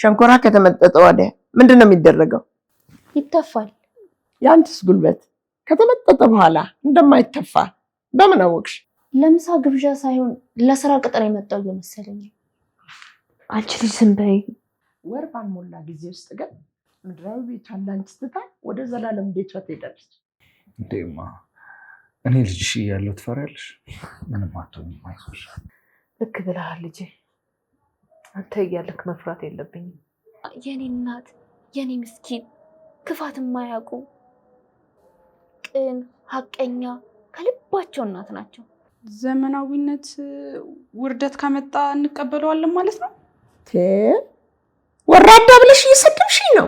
ሸንኮራ ከተመጠጠ ወዲያ ምንድን ነው የሚደረገው? ይተፋል። የአንቺስ ጉልበት ከተመጠጠ በኋላ እንደማይተፋ በምን አወቅሽ? ለምሳ ግብዣ ሳይሆን ለስራ ቅጥር የመጣው እየመሰለኝ። አንቺ ልጅ ዝም በይ። ወር ባልሞላ ጊዜ ውስጥ ግን ምድራዊ ቤቷን ለአንቺ ትታ ወደ ዘላለም ቤቷ ትሄዳለች። እንዴማ እኔ ልጅሽ እያለሁ ትፈሪያለሽ? ምንም አትሆኝም፣ አይዞሽ። ልክ ብለሃል ልጄ። አንተ እያለክ መፍራት የለብኝም። የኔ እናት፣ የኔ ምስኪን፣ ክፋት የማያውቁ ቅን፣ ሀቀኛ ከልባቸው እናት ናቸው። ዘመናዊነት ውርደት ከመጣ እንቀበለዋለን ማለት ነው። ወራዳ ብለሽ እየሰደብሽኝ ነው።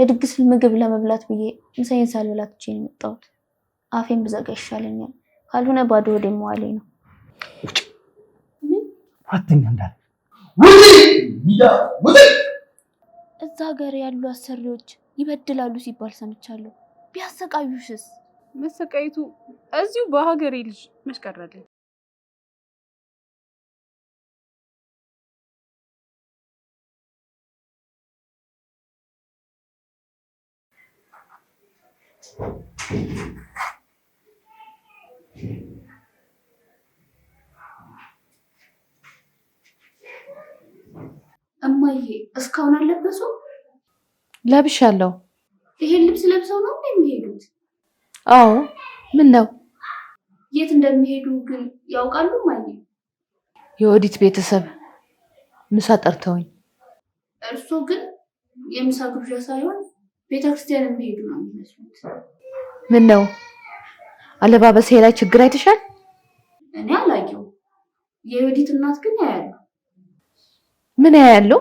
የድግስ ምግብ ለመብላት ብዬ ምሳዬን ሳልበላት ትቼ ነው የመጣሁት። አፌን ብዘጋ ይሻለኛል፣ ካልሆነ ባዶ ወደ መዋሌ ነው። ውጭ ምን ጓደኛ እንዳለ ውጪ ሚዳ ውጪ። እዛ ሀገር ያሉ አሰሪዎች ይበድላሉ ሲባል ሰምቻለሁ። ቢያሰቃዩሽስ? መሰቃየቱ እዚሁ በሀገሬ ልጅ መሽቀራለኝ። እማዬ እስካሁን አለበሱ? ለብሻለሁ። ይሄን ልብስ ለብሰው ነው የሚሄዱት አዎ። ምን ነው የት እንደሚሄዱ ግን ያውቃሉ? እማዬ የኦዲት ቤተሰብ ምሳ ጠርተውኝ። እርሱ ግን የምሳ ግብዣ ሳይሆን ቤተክርስቲያን የሚሄዱ ነው የሚመስሉት። ምን ነው አለባበሴ ላይ ችግር አይተሻል? እኔ አላየው። የኦዲት እናት ግን ያያሉ። ምን ያያለው?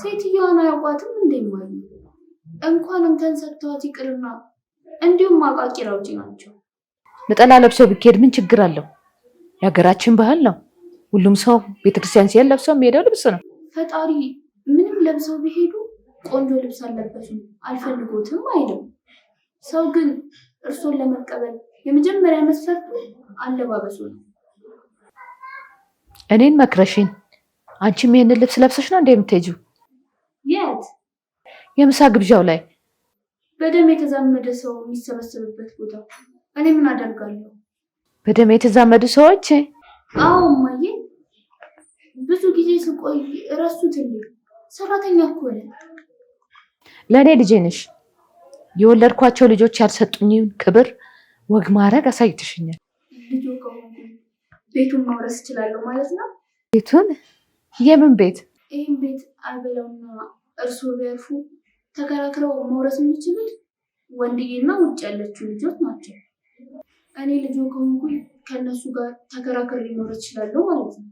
ሴትዮዋን አያውቋትም እንደማይ እንኳን እንከን ሰጥተዋት ይቅርና እንዲሁም አቃቂ ራውጪ ናቸው። ነጠላ ለብሰው ብኬድ ምን ችግር አለው? የሀገራችን ባህል ነው። ሁሉም ሰው ቤተክርስቲያን ሲሄድ ለብሰው የሚሄደው ልብስ ነው። ፈጣሪ ምንም ለብሰው ቢሄዱ ቆንጆ ልብስ አለበትም አልፈልጎትም አይልም። ሰው ግን እርሶን ለመቀበል የመጀመሪያ መስፈርቱ አለባበሱ ነው። እኔን መክረሽን አንቺም ይህንን ልብስ ለብሰሽ ነው እንዴ የምትሄጂው? የት? የምሳ ግብዣው ላይ በደም የተዛመደ ሰው የሚሰበሰብበት ቦታ። እኔ ምን አደርጋለሁ? በደም የተዛመዱ ሰዎች? አዎ እማዬ፣ ብዙ ጊዜ ስቆይ እረሱት። እንዴ ሰራተኛ እኮ ነኝ። ለእኔ ልጄ ነሽ። የወለድኳቸው ልጆች ያልሰጡኝን ክብር፣ ወግ ማድረግ አሳይተሽኛል። ቤቱን ማውረስ እችላለሁ ማለት ነው? ቤቱን የምን ቤት? ይህም ቤት አልበለውና እርሶ ቢያርፉ ተከራክረው መውረስ የሚችሉት ወንድዬና ውጭ ያለችው ልጆች ናቸው። እኔ ልጆ ከሆንኩኝ ከእነሱ ጋር ተከራክሬ መውረስ እችላለሁ ማለት ነው።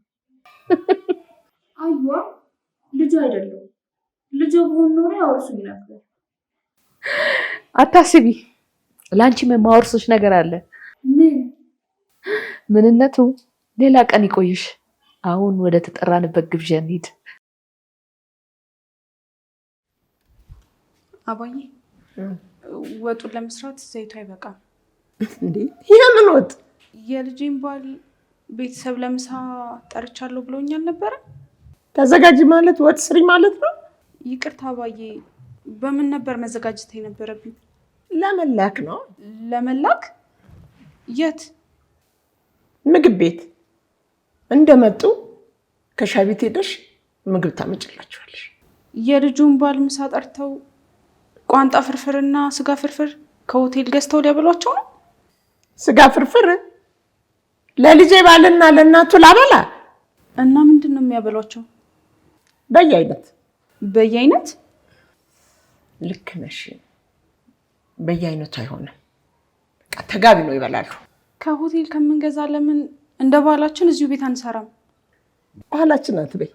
አዩዋ ልጆ አይደለም ልጆ በሆን ኖሮ ያወርሱኝ ነበር። አታስቢ፣ ለአንቺ የማወርሶች ነገር አለ። ምን ምንነቱ ሌላ ቀን ይቆይሽ። አሁን ወደ ተጠራንበት ግብዣ እንሂድ። አባዬ ወጡን ለመስራት ዘይቱ አይበቃም። እንዴ ይህንን ወጥ የልጅን ባል ቤተሰብ ለምሳ ጠርቻለሁ ብሎኛል ነበረ። ተዘጋጅ ማለት ወጥ ስሪ ማለት ነው። ይቅርታ አባዬ፣ በምን ነበር መዘጋጀት የነበረብኝ? ለመላክ ነው። ለመላክ የት? ምግብ ቤት እንደመጡ ከሻይ ቤት ሄደሽ ምግብ ታመጭላቸዋለሽ። የልጁን ባል ምሳ ጠርተው ቋንጣ ፍርፍርና ስጋ ፍርፍር ከሆቴል ገዝተው ሊያበሏቸው ነው። ስጋ ፍርፍር ለልጄ ባልና ለእናቱ ላበላ እና ምንድን ነው የሚያበሏቸው? በየአይነት በየአይነት። ልክ ነሽ። በየአይነቱ አይሆንም። ተጋቢ ነው ይበላሉ። ከሆቴል ከምንገዛ ለምን እንደ ባህላችን እዚሁ ቤት አንሰራም። ባህላችን አትበይ።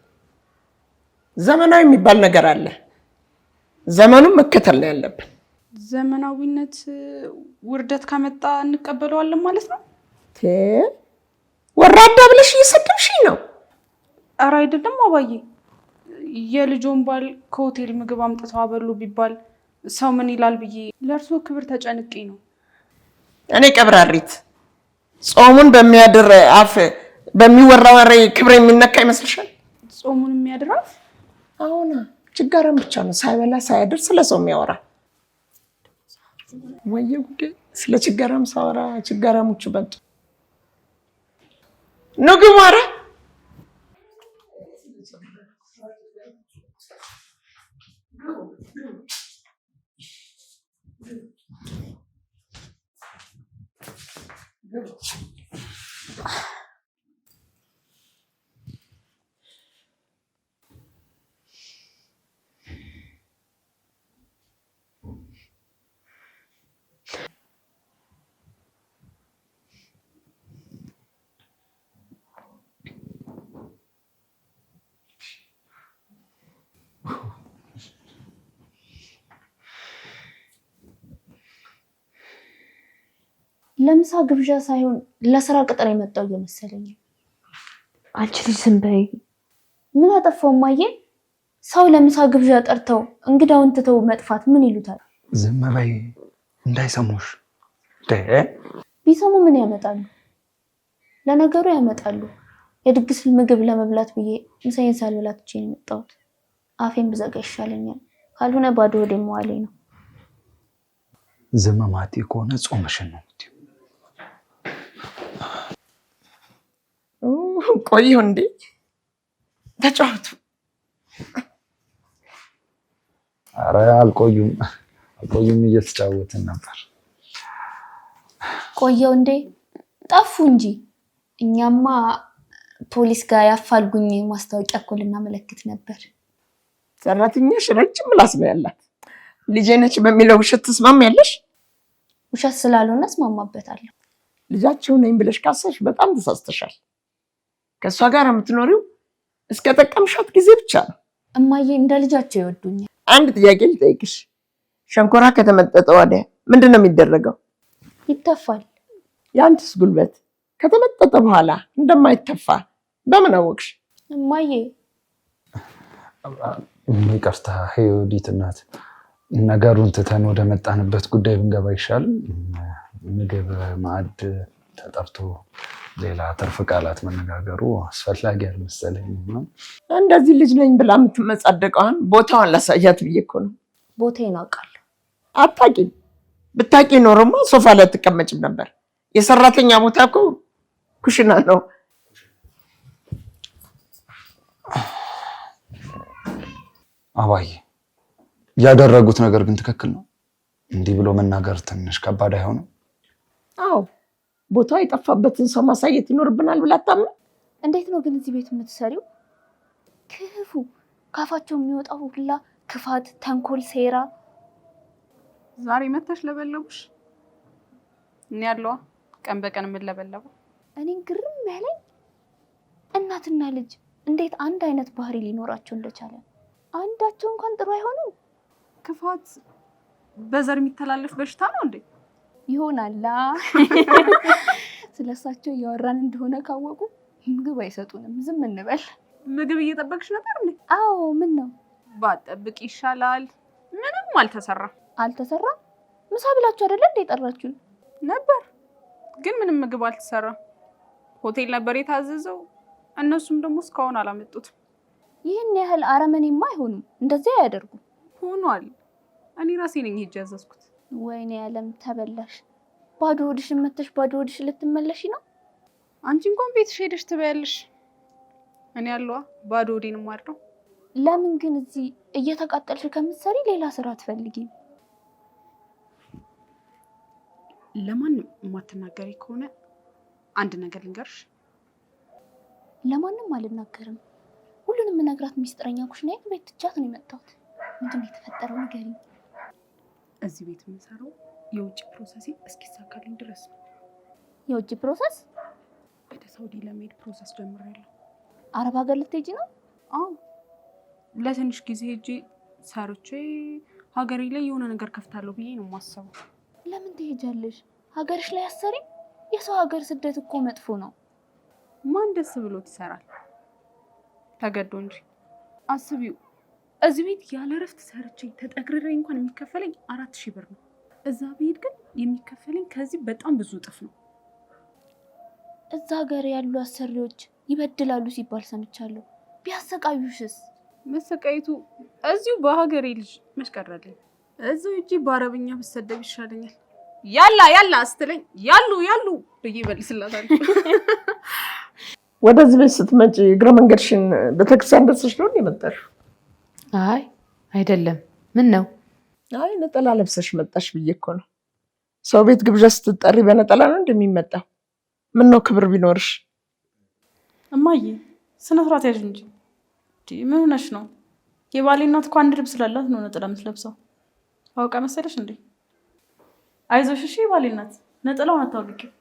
ዘመናዊ የሚባል ነገር አለ። ዘመኑን መከተል ነው ያለብን። ዘመናዊነት ውርደት ካመጣ እንቀበለዋለን ማለት ነው። ወራዳ ብለሽ እየሰደብሽኝ ነው። ኧረ አይደለም አባዬ፣ የልጆን ባል ከሆቴል ምግብ አምጥተው አበሉ ቢባል ሰው ምን ይላል ብዬ ለእርስዎ ክብር ተጨንቄ ነው እኔ ቀብራሪት ጾሙን በሚያድር አፍ በሚወራ ወሬ ክብር የሚነካ ይመስልሻል? ጾሙን የሚያድር አፍ አሁን ችጋራም ብቻ ነው ሳይበላ ሳያድር ስለ ሰው የሚያወራ ወየ ጉዴ! ስለ ችጋራም ሳወራ ችጋራሞቹ በጡ ንግማራ よいしょ。ለምሳ ግብዣ ሳይሆን ለስራ ቅጥር የመጣው እየመሰለኝ። አንቺ ልጅ ዝም በይ። ምን አጠፋው ማዬ? ሰው ለምሳ ግብዣ ጠርተው እንግዳውን ትተው መጥፋት ምን ይሉታል? ዝም በይ እንዳይሰሙሽ። ቢሰሙ ምን ያመጣሉ? ለነገሩ ያመጣሉ። የድግስ ምግብ ለመብላት ብዬ ምሳዬን ሳልበላ ትቼ ነው የመጣሁት። አፌን ብዘጋ ይሻለኛል፣ ካልሆነ ባዶ ወደ መዋሌ ነው። ዝም ማቴ ከሆነ ጾምሽን ነው የምትይው ቆየሁ እንዴ? ተጫወቱ። አረ አልቆዩም አልቆዩም፣ እየተጫወትን ነበር። ቆየሁ እንዴ? ጠፉ እንጂ እኛማ ፖሊስ ጋር ያፋልጉኝ ማስታወቂያ እኮ ልናመለክት ነበር። ሰራተኛሽ ረጅም ምላስ ነው ያላት። ልጄ ነች በሚለው ውሸት ትስማሚያለሽ? ውሸት ስላልሆነ እስማማበታለሁ። ልጃቸው ነኝ ብለሽ ካሰሽ በጣም ተሳስተሻል። ከእሷ ጋር የምትኖሪው እስከ ጠቀምሻት ጊዜ ብቻ ነው። እማዬ እንደ ልጃቸው ይወዱኛል። አንድ ጥያቄ ልጠይቅሽ። ሸንኮራ ከተመጠጠ ወዲያ ምንድን ነው የሚደረገው? ይተፋል። የአንቺስ ጉልበት ከተመጠጠ በኋላ እንደማይተፋ በምን አወቅሽ? እማዬ ይቅርታ፣ ሄዮዲት እናት፣ ነገሩን ትተን ወደ መጣንበት ጉዳይ ብንገባ ይሻል። ምግብ ማዕድ ተጠርቶ ሌላ ትርፍ ቃላት መነጋገሩ አስፈላጊ አልመሰለኝ። እንደዚህ ልጅ ነኝ ብላ የምትመጻደቀዋን ቦታዋን ላሳያት ብዬ እኮ ነው። ቦታዬን አውቃለሁ። አታቂ ብታቂ ኖርማ ሶፋ ላይ አትቀመጭም ነበር። የሰራተኛ ቦታ እኮ ኩሽና ነው። አባዬ ያደረጉት ነገር ግን ትክክል ነው። እንዲህ ብሎ መናገር ትንሽ ከባድ አይሆንም? አዎ ቦታው የጠፋበትን ሰው ማሳየት ይኖርብናል ብላ አታምነው። እንዴት ነው ግን እዚህ ቤት የምትሰሪው? ክፉ ካፋቸው የሚወጣው ሁላ ክፋት፣ ተንኮል፣ ሴራ። ዛሬ መታሽ ለበለቡሽ። እኔ ያለዋ ቀን በቀን የምንለበለበው እኔን ግርም ያለኝ እናትና ልጅ እንዴት አንድ አይነት ባህሪ ሊኖራቸው እንደቻለ አንዳቸው እንኳን ጥሩ አይሆኑም። ክፋት በዘር የሚተላለፍ በሽታ ነው እንዴ? ይሆናላ ስለሳቸው እያወራን እንደሆነ ካወቁ ምግብ አይሰጡንም። ዝም እንበል። ምግብ እየጠበቅሽ ነበር? አዎ። ምን ነው ባጠብቅ ይሻላል። ምንም አልተሰራም። አልተሰራ። ምሳ ብላችሁ አይደለ እንደ የጠራችሁን ነበር፣ ግን ምንም ምግብ አልተሰራ? ሆቴል ነበር የታዘዘው፣ እነሱም ደግሞ እስካሁን አላመጡትም። ይህን ያህል አረመኔማ አይሆኑም፣ እንደዚያ አያደርጉም። ሆኗል። እኔ ራሴ ነኝ ሄጄ ያዘዝኩት። ወይኔ ያለም ተበላሽ። ባዶ ወድሽ መተሽ ባዶ ወድሽ ልትመለሽ ነው። አንቺ እንኳን ቤትሽ ሄደሽ ትበያለሽ። እኔ ያለዋ ባዶ ሆዴን ማድረው። ለምን ግን እዚህ እየተቃጠልሽ ከምትሰሪ ሌላ ስራ አትፈልጊም? ለማንም የማትናገሪ ከሆነ አንድ ነገር ልንገርሽ። ለማንም አልናገርም። ሁሉንም የምነግራት ሚስጥረኛ ኩሽና ቤት ትቻት ነው የመጣሁት። ምንድን ነው የተፈጠረው? ንገሪኝ እዚህ ቤት የምሰራው የውጭ ፕሮሰስ እስኪሳካልኝ ድረስ ነው። የውጭ ፕሮሰስ? ወደ ሳውዲ ለመሄድ ፕሮሰስ ጀምሬያለሁ። አረብ ሀገር ልትሄጂ ነው? አዎ፣ ለትንሽ ጊዜ ሄጄ ሰርቼ ሀገሬ ላይ የሆነ ነገር ከፍታለሁ ብዬ ነው የማስበው። ለምን ትሄጃለሽ? ሀገርሽ ላይ አሰሪ? የሰው ሀገር ስደት እኮ መጥፎ ነው። ማን ደስ ብሎት ይሰራል? ተገዶ እንጂ አስቢው እዚህ ቤት ያለ እረፍት ሰርቼ ተጠግሬ እንኳን የሚከፈለኝ አራት ሺህ ብር ነው። እዛ ብሄድ ግን የሚከፈለኝ ከዚህ በጣም ብዙ እጥፍ ነው። እዛ ሀገር ያሉ አሰሪዎች ይበድላሉ ሲባል ሰምቻለሁ። ቢያሰቃዩሽስ? መሰቃየቱ እዚሁ በሀገሬ ልጅ መሽቀራለኝ። እዚሁ እጂ በአረብኛ ብሰደብ ይሻለኛል። ያላ ያላ ስትለኝ ያሉ ያሉ ብዬ እመልስላታለሁ። ወደዚህ ቤት ስትመጪ እግረ መንገድሽን ቤተክርስቲያን ደርሰሽ ነው የመጣሽው? አይ አይደለም። ምን ነው? አይ ነጠላ ለብሰሽ መጣሽ ብዬ እኮ ነው። ሰው ቤት ግብዣ ስትጠሪ በነጠላ ነው እንደሚመጣው? ምን ነው ክብር ቢኖርሽ። እማዬ ስነ ስርዓት ያዥ እንጂ ምን ሆነሽ ነው? የባሌ እናት እኮ አንድ ልብስ ስላላት ነው ነጠላ የምትለብሰው። አውቃ መሰለሽ እንዴ? አይዞሽ እሺ የባሌ እናት ነጠላውን አታውልቂው።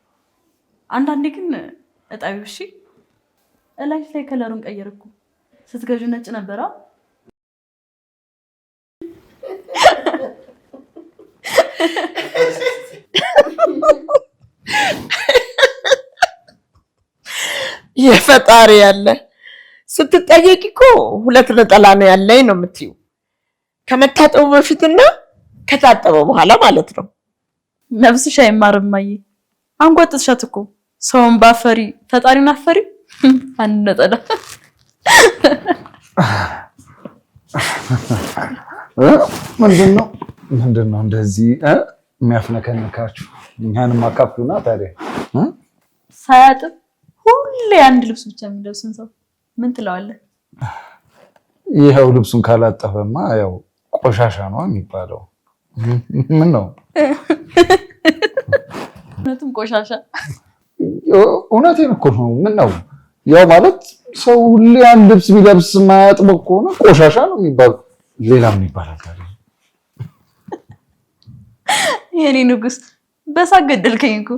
አንዳንዴ ግን እጣቢ እሺ። እላይሽ ላይ ከለሩን ቀየርኩ። ስትገዥ ነጭ ነበራ የፈጣሪ ያለ ስትጠየቂ እኮ ሁለት ነጠላ ነው ያለኝ ነው የምትዩ ከመታጠቡ በፊትና ከታጠበ በኋላ ማለት ነው። ነፍስሽ አይማርም ማዬ፣ አንጓጥሻት እኮ ሰውን ባፈሪ ፈጣሪን አፈሪ። አንድ ነጠላ ምንድን ነው? ምንድን ነው እንደዚህ የሚያፍነከንካችሁ? እኛንም አካፍሉና ታዲያ። ሳያጥብ ሁሌ አንድ ልብስ ብቻ የሚለብስን ሰው ምን ትለዋለህ? ይኸው ልብሱን ካላጠፈማ ያው ቆሻሻ ነው የሚባለው። ምን ነው እውነትም ቆሻሻ። እውነቴን እኮ ነው። ምን ነው ያው ማለት ሰው ሁሌ አንድ ልብስ ቢለብስ ማያጥበው ከሆነ ቆሻሻ ነው የሚባለው። ሌላ ምን ይባላል ታዲያ? የኔ ንጉስ በሳቅ ገደልከኝ እኮ።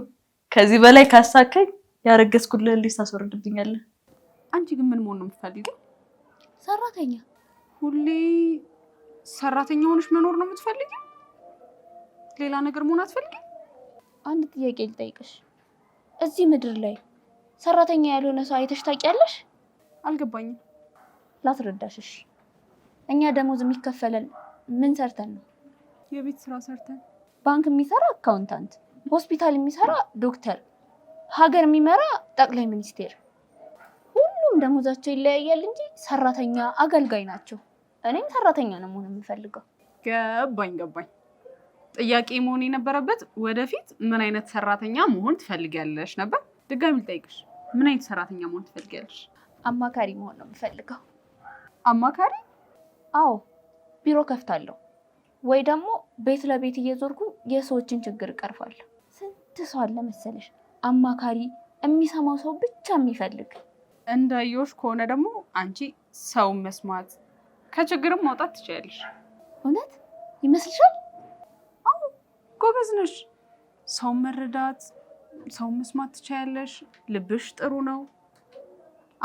ከዚህ በላይ ካሳከኝ ያረገዝኩልህ ልጅ ታስወርድብኛለህ። አንቺ ግን ምን መሆን ነው የምትፈልጊው? ሰራተኛ። ሁሌ ሰራተኛ ሆነሽ መኖር ነው የምትፈልጊው? ሌላ ነገር መሆን አትፈልጊም? አንድ ጥያቄ ልጠይቅሽ። እዚህ ምድር ላይ ሰራተኛ ያልሆነ ሰው አይተሽ ታውቂያለሽ? አልገባኝም። ላስረዳሽሽ። እኛ ደሞዝ የሚከፈለን ምን ሰርተን ነው? የቤት ስራ ሰርተን ባንክ የሚሰራ አካውንታንት፣ ሆስፒታል የሚሰራ ዶክተር፣ ሀገር የሚመራ ጠቅላይ ሚኒስቴር። ሁሉም ደሞዛቸው ይለያያል እንጂ ሰራተኛ አገልጋይ ናቸው። እኔም ሰራተኛ ነው መሆን የምፈልገው። ገባኝ ገባኝ። ጥያቄ መሆን የነበረበት ወደፊት ምን አይነት ሰራተኛ መሆን ትፈልጊያለሽ ነበር። ድጋሚ ልጠይቅሽ፣ ምን አይነት ሰራተኛ መሆን ትፈልጊያለሽ? አማካሪ መሆን ነው የምፈልገው። አማካሪ? አዎ፣ ቢሮ ከፍታለሁ ወይ ደግሞ ቤት ለቤት እየዞርኩ የሰዎችን ችግር እቀርፋለሁ። ስንት ሰው አለ መሰለሽ አማካሪ የሚሰማው ሰው ብቻ የሚፈልግ። እንዳየሁሽ ከሆነ ደግሞ አንቺ ሰው መስማት ከችግርም ማውጣት ትችያለሽ። እውነት ይመስልሻል? አዎ ጎበዝ ነሽ። ሰው መረዳት፣ ሰው መስማት ትችያለሽ። ልብሽ ጥሩ ነው።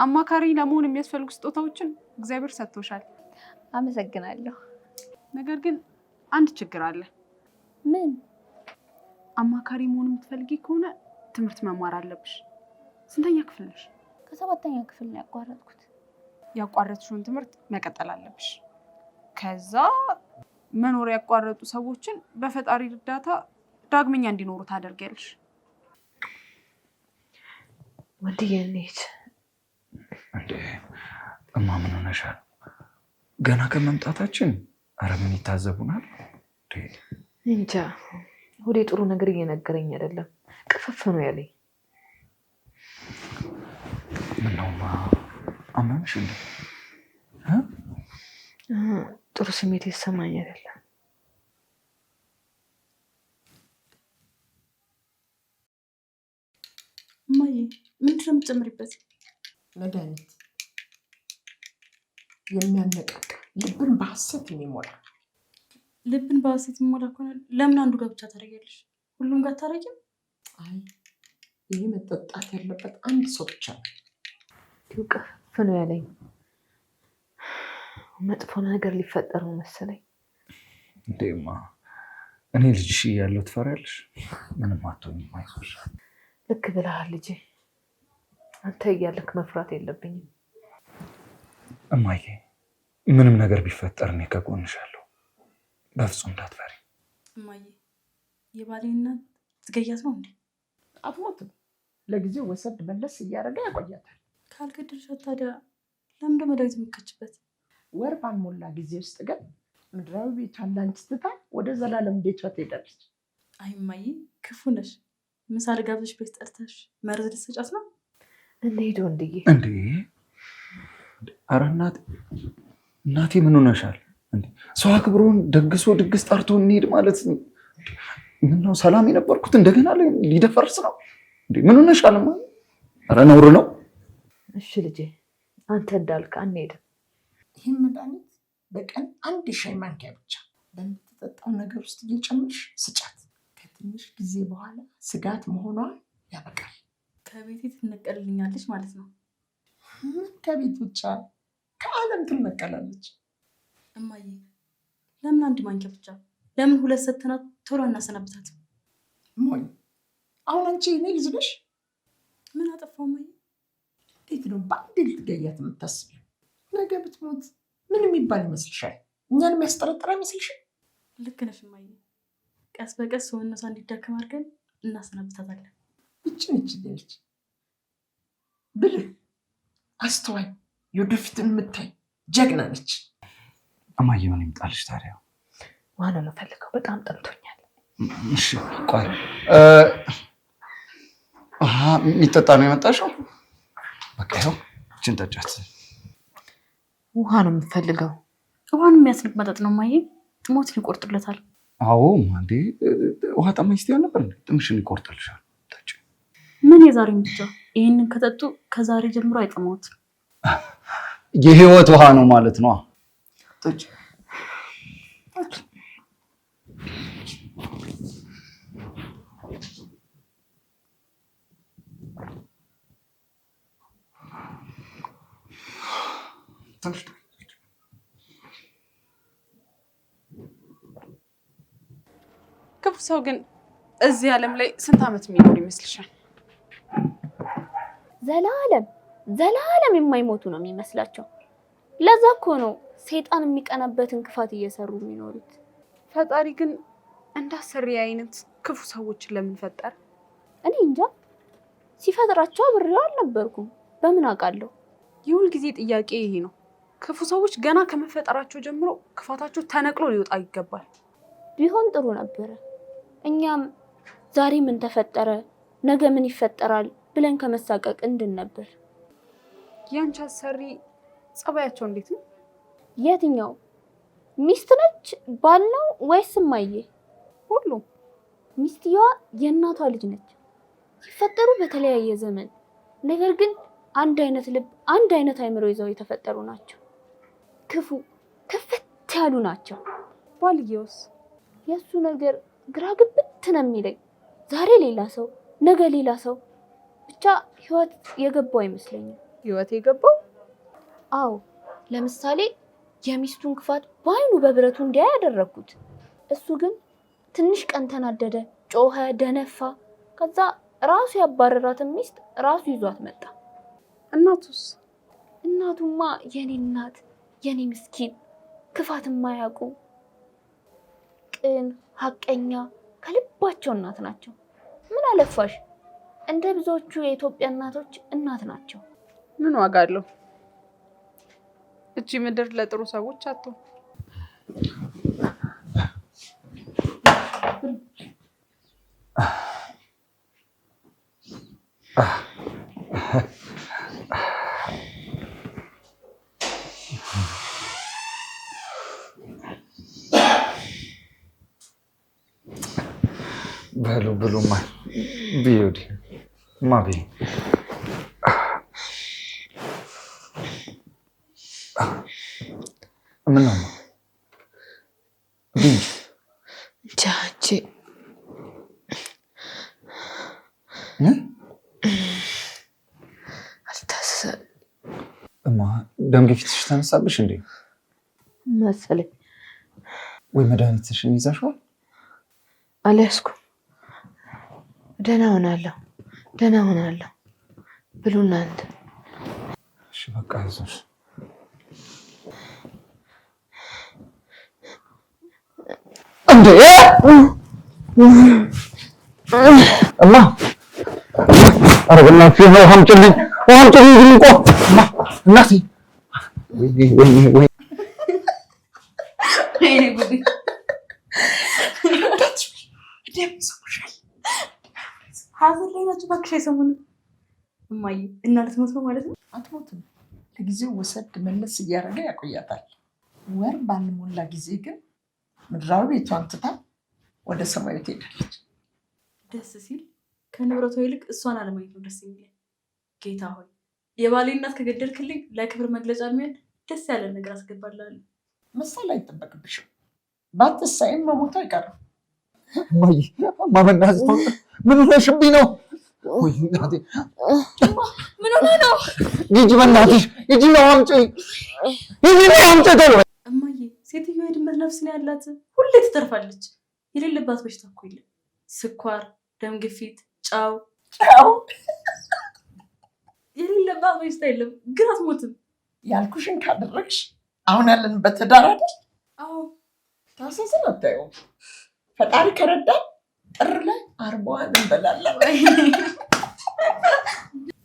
አማካሪ ለመሆን የሚያስፈልጉ ስጦታዎችን እግዚአብሔር ሰጥቶሻል። አመሰግናለሁ። ነገር ግን አንድ ችግር አለ። ምን? አማካሪ መሆን የምትፈልጊ ከሆነ ትምህርት መማር አለብሽ። ስንተኛ ክፍል ነሽ? ከሰባተኛ ክፍል ነው ያቋረጥኩት። ያቋረጥሽውን ትምህርት መቀጠል አለብሽ። ከዛ መኖር ያቋረጡ ሰዎችን በፈጣሪ እርዳታ ዳግመኛ እንዲኖሩ ታደርጊያለሽ። ወንድዬ እንሂድ። እንዴ እማ ምን ሆነሻል? ገና ከመምጣታችን አረ ምን ይታዘቡናል? እንጃ ወደ ጥሩ ነገር እየነገረኝ አይደለም። ቅፍፍ ነው ያለኝ። ምነውማ አመምሽ እንደ ጥሩ ስሜት የተሰማኝ አይደለም። እማዬ ምንድን ነው የምትጨምሪበት? መድኃኒት የሚያነቃቃ ልብን በሀሰት የሚሞላ ልብን በሀሰት የሚሞላ ከሆነ ለምን አንዱ ጋር ብቻ ታደርጊያለሽ? ሁሉም ጋር ታደርጊም? አይ ይህ መጠጣት ያለበት አንድ ሰው ብቻ ነው። እንዲሁ ያለኝ። መጥፎ ነገር ሊፈጠር ነው መሰለኝ። እንዴማ እኔ ልጅሽ እያለሁ ትፈሪያለሽ? ምንም አትሆኝም፣ አይዞሽ። ልክ ብለሃል ልጄ። አንተ እያለክ መፍራት የለብኝም እማዬ ምንም ነገር ቢፈጠር እኔ ከጎንሻለሁ። በፍጹም እንዳትፈሪ እማዬ። የባሌን እናት ትገያት ነው እንዴ? አትሞትም። ለጊዜው ወሰድ መለስ እያደረገ ያቆያታል። ካልገደልሻት ታዲያ ለምንደ መድኃኒት የምከችበት? ወር ባልሞላ ጊዜ ውስጥ ግን ምድራዊ ቤቷን ላንቺ ትታ ወደ ዘላለም ቤቷ ትሄዳለች። አይ እማዬ፣ ክፉ ነሽ። ምሳ ልጋብዝሽ ቤት ጠርተሽ መርዝ ልትሰጫት ነው? እንሂድ ወንድዬ። እንዴ ኧረ እናቴ እናቴ ምን ሆነሻል? ሰው አክብሮን ደግሶ ድግስ ጠርቶ እንሄድ ማለት ምነው ሰላም የነበርኩት እንደገና ላይ ሊደፈርስ ነው? ምን ሆነሻል? ኧረ ነውር ነው። እሺ ልጄ፣ አንተ እንዳልክ አንሄድም። ይህን መድኃኒት በቀን አንድ ሻይ ማንኪያ ብቻ በምትጠጣው ነገር ውስጥ እየጨመርሽ ስጫት። ከትንሽ ጊዜ በኋላ ስጋት መሆኗ ያበቃል። ከቤት ትነቀልልኛለች ማለት ነው። ከቤት ብቻ ከዓለም ትነቀላለች። እማዬ ለምን አንድ ማንኪያ ብቻ? ለምን ሁለት ሰተናት? ቶሎ እናሰናብታት። ሞኝ አሁን አንቺ እኔ ልጅ ነሽ። ምን አጠፋው? ሞኝ እንዴት ነው በአንድ ልትገያት የምታስቢው? ነገ ብትሞት ምን የሚባል ይመስልሻል? እኛን የሚያስጠረጥር ይመስልሻል? ልክ ነሽ እማዬ። ቀስ በቀስ ሰውነቷ እንዲዳከም አድርገን እናሰናብታታለን። ይችን ይችልልች ብልህ አስተዋይ የወደፊትን የምታይ ጀግና ነች። እማዬ ምን ይምጣልሽ ታዲያ? ውሃ ነው የምፈልገው፣ በጣም ጠምቶኛል። ቆይ የሚጠጣ ነው የመጣሽው? በቃ ይኸው እችን ጠጫት። ውሃ ነው የምፈልገው። ውሃን የሚያስንቅ መጠጥ ነው እማዬ፣ ጥሞትን ይቆርጥለታል። አዎ ማንዴ ውሃ ጠማኝ ስትይ አልነበር? ጥምሽን ይቆርጥልሻል። ምን የዛሬ ምትጫ? ይህንን ከጠጡ ከዛሬ ጀምሮ አይጠማዎትም። የህይወት ውሃ ነው ማለት ነው። ክፉ ሰው ግን እዚህ ዓለም ላይ ስንት ዓመት የሚኖር ይመስልሻል? ዘላለም ዘላለም የማይሞቱ ነው የሚመስላቸው። ለዛ እኮ ነው ሰይጣን የሚቀናበትን ክፋት እየሰሩ የሚኖሩት። ፈጣሪ ግን እንዳሰሪ አይነት ክፉ ሰዎችን ለምን ፈጠር? እኔ እንጃ። ሲፈጥራቸው አብሬው አልነበርኩም፣ በምን አውቃለሁ? የሁል ጊዜ ጥያቄ ይሄ ነው። ክፉ ሰዎች ገና ከመፈጠራቸው ጀምሮ ክፋታቸው ተነቅሎ ሊወጣ ይገባል። ቢሆን ጥሩ ነበረ። እኛም ዛሬ ምን ተፈጠረ፣ ነገ ምን ይፈጠራል ብለን ከመሳቀቅ እንድን ነበር። ያንቺ አሰሪ ጸባያቸው እንዴት ነው? የትኛው ሚስት ነች? ባል ነው ወይስ እማዬ? ሁሉም። ሚስትየዋ የእናቷ ልጅ ነች። ሲፈጠሩ በተለያየ ዘመን፣ ነገር ግን አንድ አይነት ልብ፣ አንድ አይነት አይምሮ ይዘው የተፈጠሩ ናቸው። ክፉ ክፍት ያሉ ናቸው። ባልየውስ? የእሱ ነገር ግራ ግብት ነው የሚለኝ። ዛሬ ሌላ ሰው፣ ነገ ሌላ ሰው፣ ብቻ ህይወት የገባው አይመስለኝም። ህይወት የገባው? አዎ፣ ለምሳሌ የሚስቱን ክፋት በአይኑ በብረቱ እንዲያ ያደረግኩት። እሱ ግን ትንሽ ቀን ተናደደ፣ ጮኸ፣ ደነፋ። ከዛ ራሱ ያባረራትን ሚስት ራሱ ይዟት መጣ። እናቱስ? እናቱማ የኔ እናት የኔ ምስኪን ክፋት የማያውቁ ቅን፣ ሀቀኛ ከልባቸው እናት ናቸው። ምን አለፋሽ እንደ ብዙዎቹ የኢትዮጵያ እናቶች እናት ናቸው። ምን ዋጋ አለው? እቺ ምድር ለጥሩ ሰዎች አቶ በሉ ብሉ ማ ብዬ ማ ምን ነው ጃንቺ አልታሰል እማ ደም ግፊትሽ ተነሳብሽ እንዴ መሰለኝ። ወይ መድኃኒትሽን ይዛሽዋል? አልያዝኩም። ደህና ሆናለሁ፣ ደህና ሆናለሁ ብሉ እናንተ። እሺ በቃ አይዞሽ። እንዴ አላህ ኧረ በእናትህ ውሃ አምጪልኝ፣ ውሃ አምጪልኝ። ግን እንኳን እናቴ እማዬ እና ልትሞት ነው ማለት ነው? አትሞትም። ለጊዜው ወሰድ መለስ እያደረገ ያቆያታል። ወር ባልሞላ ጊዜ ግን ምድራዊ ቤቷን ትታ ወደ ሰማዩ ትሄዳለች። ደስ ሲል ከንብረቷ ይልቅ እሷን አለማየት ነው ደስ የሚል። ጌታ ሆይ የባሌ እናት ከገደልክልኝ ለክብር መግለጫ የሚሆን ደስ ያለ ነገር አስገባላለሁ። መሳል አይጠበቅብሽም። ባትሳይም መሞቱ አይቀርም። እማዬ ማመናዝ ምን ሆነሽብኝ ነው? ምን ሆነ ነው? ሂጂ በእናትሽ ሂጂ ነው አምጪ ሂጂ ነው አምጪ ቶሎ ሴትዮ የድመት ነፍስ ነው ያላት። ሁሌ ትተርፋለች። የሌለባት በሽታ እኮ የለም። ስኳር፣ ደም ግፊት፣ ጫው ጫው የሌለባት በሽታ የለም። ግን አትሞትም። ያልኩሽን ካደረግሽ አሁን ያለንበት ትዳር አይደል? አዎ ታሰስን አታየውም። ፈጣሪ ከረዳ ጥር ላይ አርባዋን እንበላለን።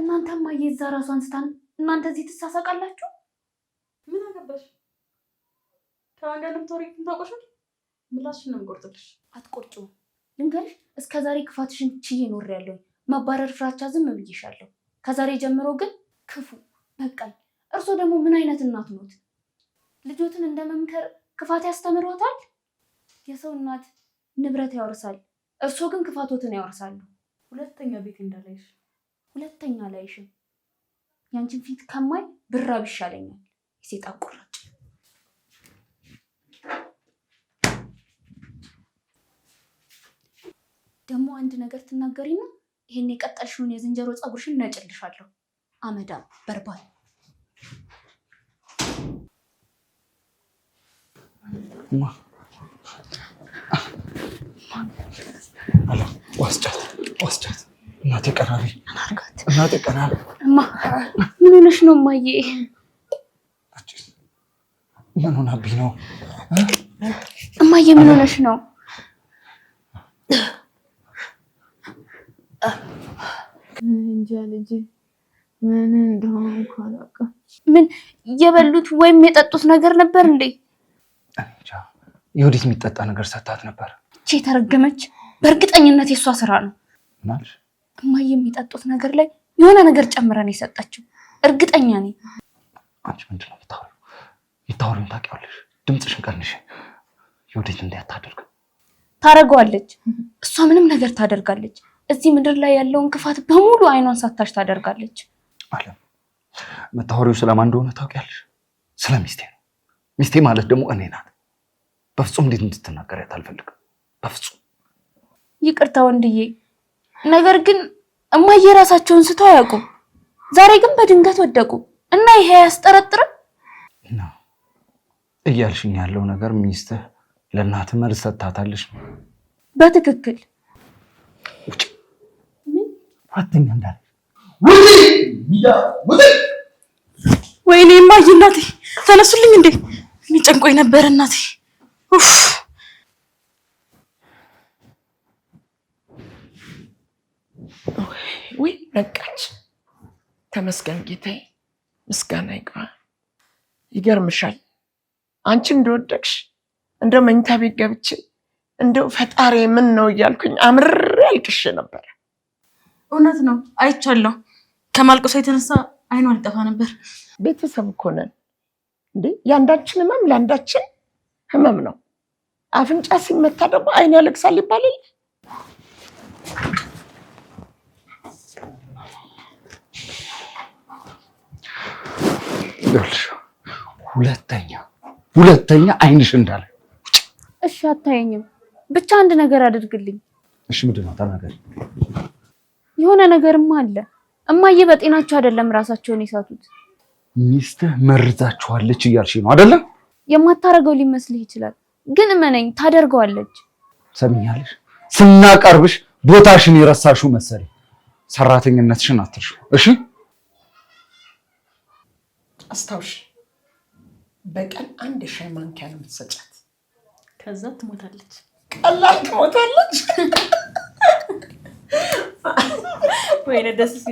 እናንተማ የዛ ራሱ አንስታን እናንተ እዚህ ትሳሳቃላችሁ። ምን አገባሽ? ከማን ጋር እንደምታወሪ ታውቀሻል? ምላስሽን ነው የምቆርጥልሽ። አትቆርጭውም። ልንገርሽ፣ እስከ ዛሬ ክፋትሽን ችዬ ኖሬያለሁ። መባረር ፍራቻ ዝም ብዬሻለሁ። ከዛሬ ጀምሮ ግን ክፉ በቃኝ። እርሶ ደግሞ ምን አይነት እናት ኖት? ልጆትን እንደ መምከር ክፋት ያስተምሮታል። የሰው እናት ንብረት ያወርሳል፣ እርሶ ግን ክፋቶትን ያወርሳሉ። ሁለተኛ ቤት እንዳላይሽ፣ ሁለተኛ ላይሽም። ያንቺን ፊት ከማይ ብራብ ይሻለኛል። ሴጣን ቁራጭ ደግሞ አንድ ነገር ትናገሪ ነው። ይሄን የቀጠልሽውን የዝንጀሮ ፀጉርሽን ነጭልሻለሁ። አመዳ በርባል ዋስጫት እናቴ ቀራሪ እናቴ ቀራሪ። ምን ሆነሽ ነው ማየ? ምን ሆናብኝ ነው? እማዬ ምን ሆነሽ ነው? እንጃ ልጄ ምን እንደሆነ አላውቅም። ምን የበሉት ወይም የጠጡት ነገር ነበር እንዴ? የወዲት የሚጠጣ ነገር ሰታት ነበር። ቼ የተረገመች በእርግጠኝነት የእሷ ስራ ነው። እማዬ የሚጠጡት ነገር ላይ የሆነ ነገር ጨምረን የሰጠችው እርግጠኛ ነኝ። አንቺ ምንድን ነው የምታወሪው? ይታወሩን ታውቂዋለሽ። ድምፅሽን ቀንሽ። ይወደጅ እንዳያታደርግ ታደርገዋለች። እሷ ምንም ነገር ታደርጋለች። እዚህ ምድር ላይ ያለውን ክፋት በሙሉ አይኗን ሳታሽ ታደርጋለች። አለም መታወሪው ስለማን እንደሆነ ታውቂያለሽ? ስለ ሚስቴ ነው። ሚስቴ ማለት ደግሞ እኔ ናት። በፍጹም እንዴት እንድትናገሪያት አልፈልግም። በፍጹም ይቅርታ ወንድዬ። ነገር ግን እማዬ ራሳቸውን ስተው አያውቁም። ዛሬ ግን በድንገት ወደቁ እና ይሄ አያስጠረጥርም። እያልሽኝ ያለው ነገር ሚስትህ ለእናት መልስ ሰጥታታለች ነው። በትክክል ውጭ ሁለተኛ እንዳለ ወይኔ እማዬ፣ እናቴ ተነሱልኝ እንዴ! እኔ ነበር እናቴ። ወይ በቃች። ተመስገን ጌታዬ፣ ምስጋና ይግባ። ይገርምሻል አንቺ እንደወደቅሽ እንደ መኝታ ቤት ገብቼ እንደው ፈጣሪ ምን ነው እያልኩኝ አምር ያልቅሽ ነበር። እውነት ነው አይቻለሁ። ከማልቀሷ የተነሳ አይኗ አልጠፋ ነበር። ቤተሰብ እኮ ነን እንዴ! የአንዳችን ህመም ለአንዳችን ህመም ነው። አፍንጫ ሲመታ ደግሞ አይን ያለቅሳል ይባላል። ሁለተኛ ሁለተኛ አይንሽ እንዳለ። እሺ አታየኝም፣ ብቻ አንድ ነገር አድርግልኝ። እሺ ምንድን ነው? ተናገር። የሆነ ነገርም አለ። እማዬ በጤናቸው አይደለም ራሳቸውን የሳቱት። ሚስትህ መርዛችኋለች እያልሽ ነው አይደለም? የማታደርገው ሊመስልህ ይችላል፣ ግን እመነኝ ታደርገዋለች። ሰምኛለሽ። ስናቀርብሽ ቦታሽን የረሳሽው መሰለኝ። ሰራተኝነትሽን አትርሺው እሺ። አስታውሽ በቀን አንድ ሻይ ማንኪያ ነው የምትሰጫት። ከዛ ትሞታለች። ቀላል ትሞታለች። ወይኔ ደስ